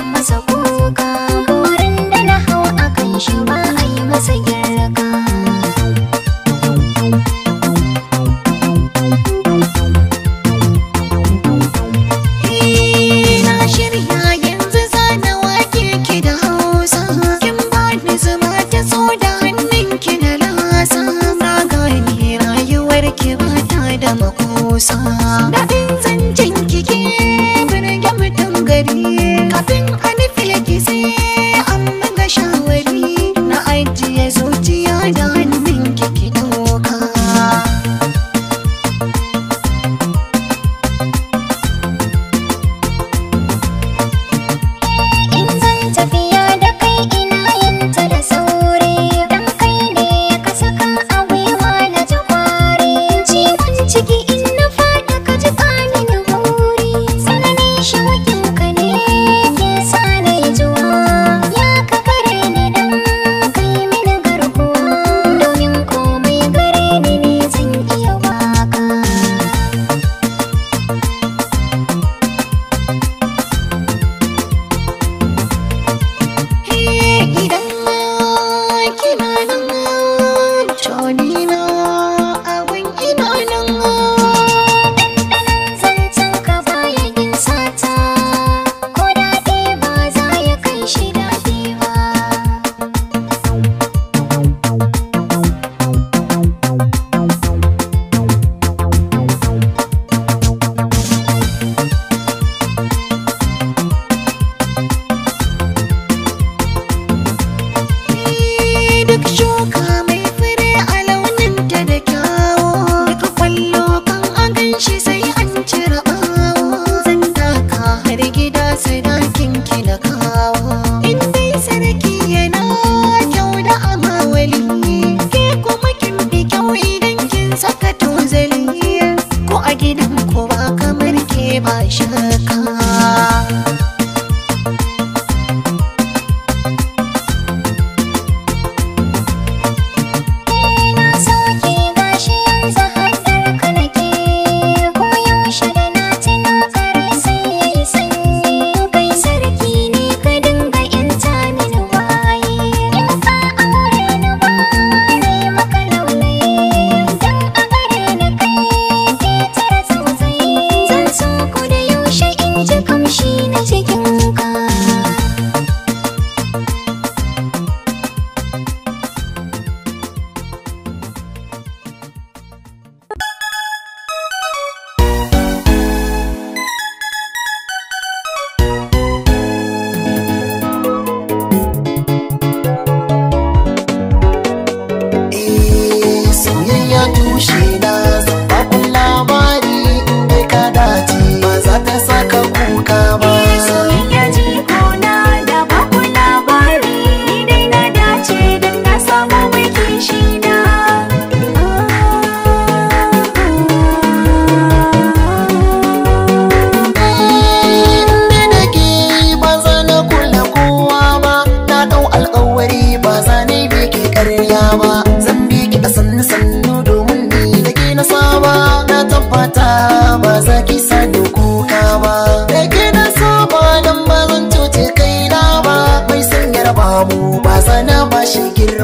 masa kuka Burin da na hau akan shi ba a yi masa girka eh, Na shirya yanzu zana wake ki da hausa Kin bani zuma ta so da hannunki na lasa Na gane rayuwar ki ba da makosa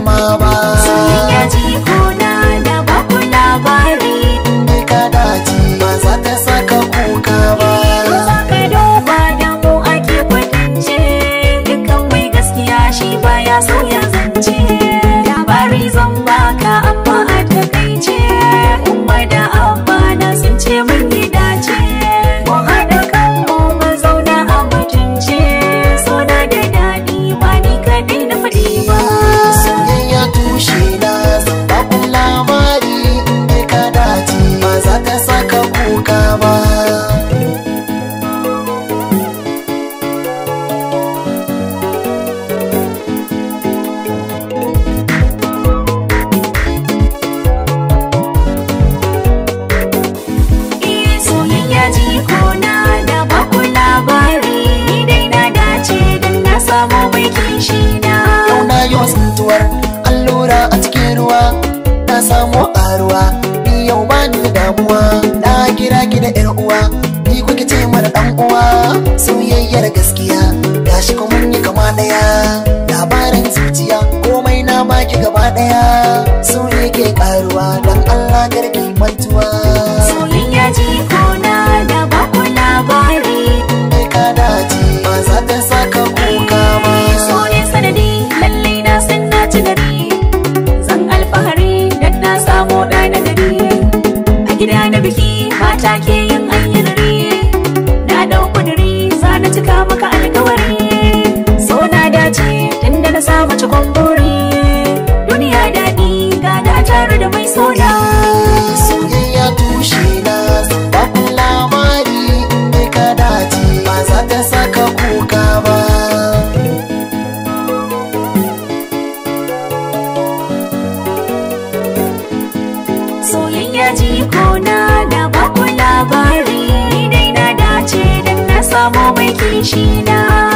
girma mutuwar allura a cikin ruwa na samu karuwa ni yau ba ni da damuwa na kira ki da yar uwa ni kuke ce mara dan uwa soyayyar gaskiya gashi kuma mun yi kama daya labarin zuciya komai na baki gaba daya so yake karuwa dan Allah garki mantuwa gona da baku labari ni dai na dace don na samu mai kishina. na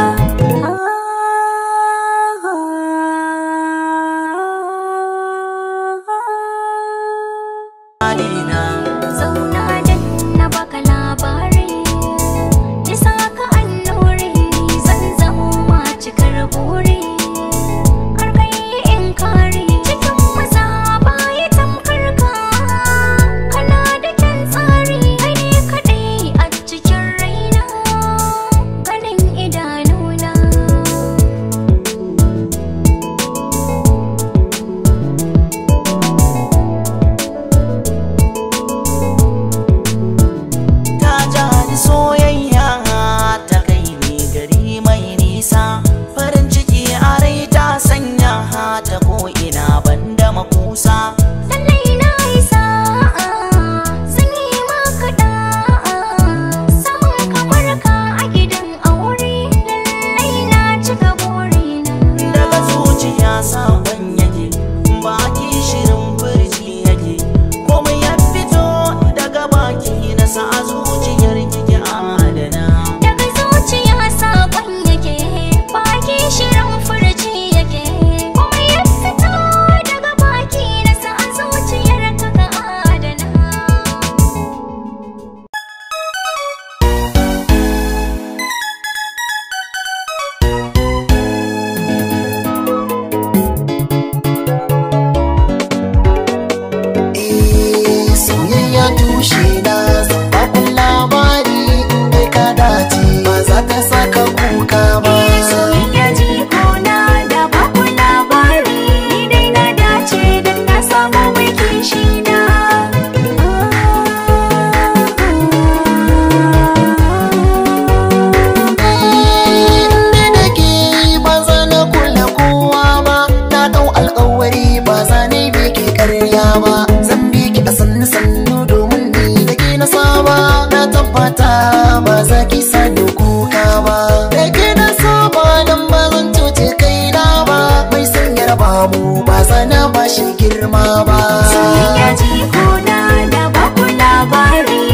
shi girma ba soyayya ji kona da baku labari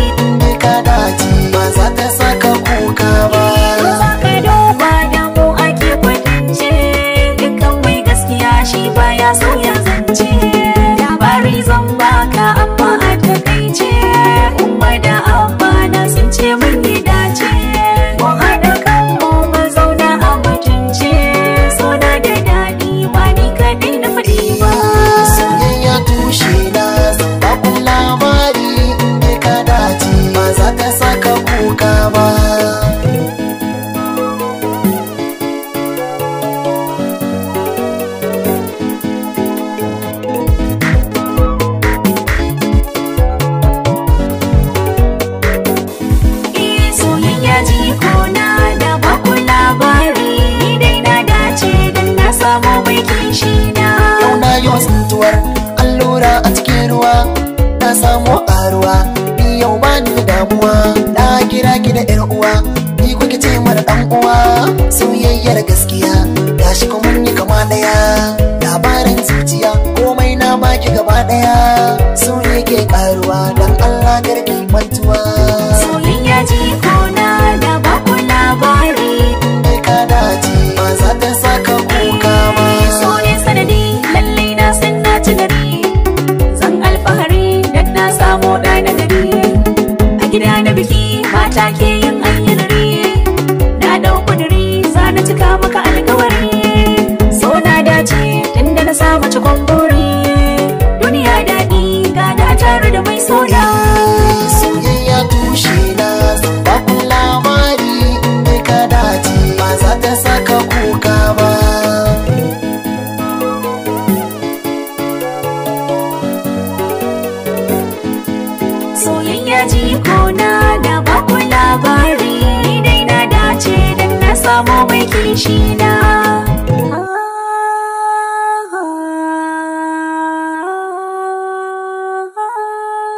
ka dace ba za ta saka kuka ba saka duba da mu ake kwatance dukkan mai gaskiya shi ba ya baya ya zance cikin zuciya komai na baki gaba daya sun ne ke karuwa dan Allah garki mantuwa samu mai kishi na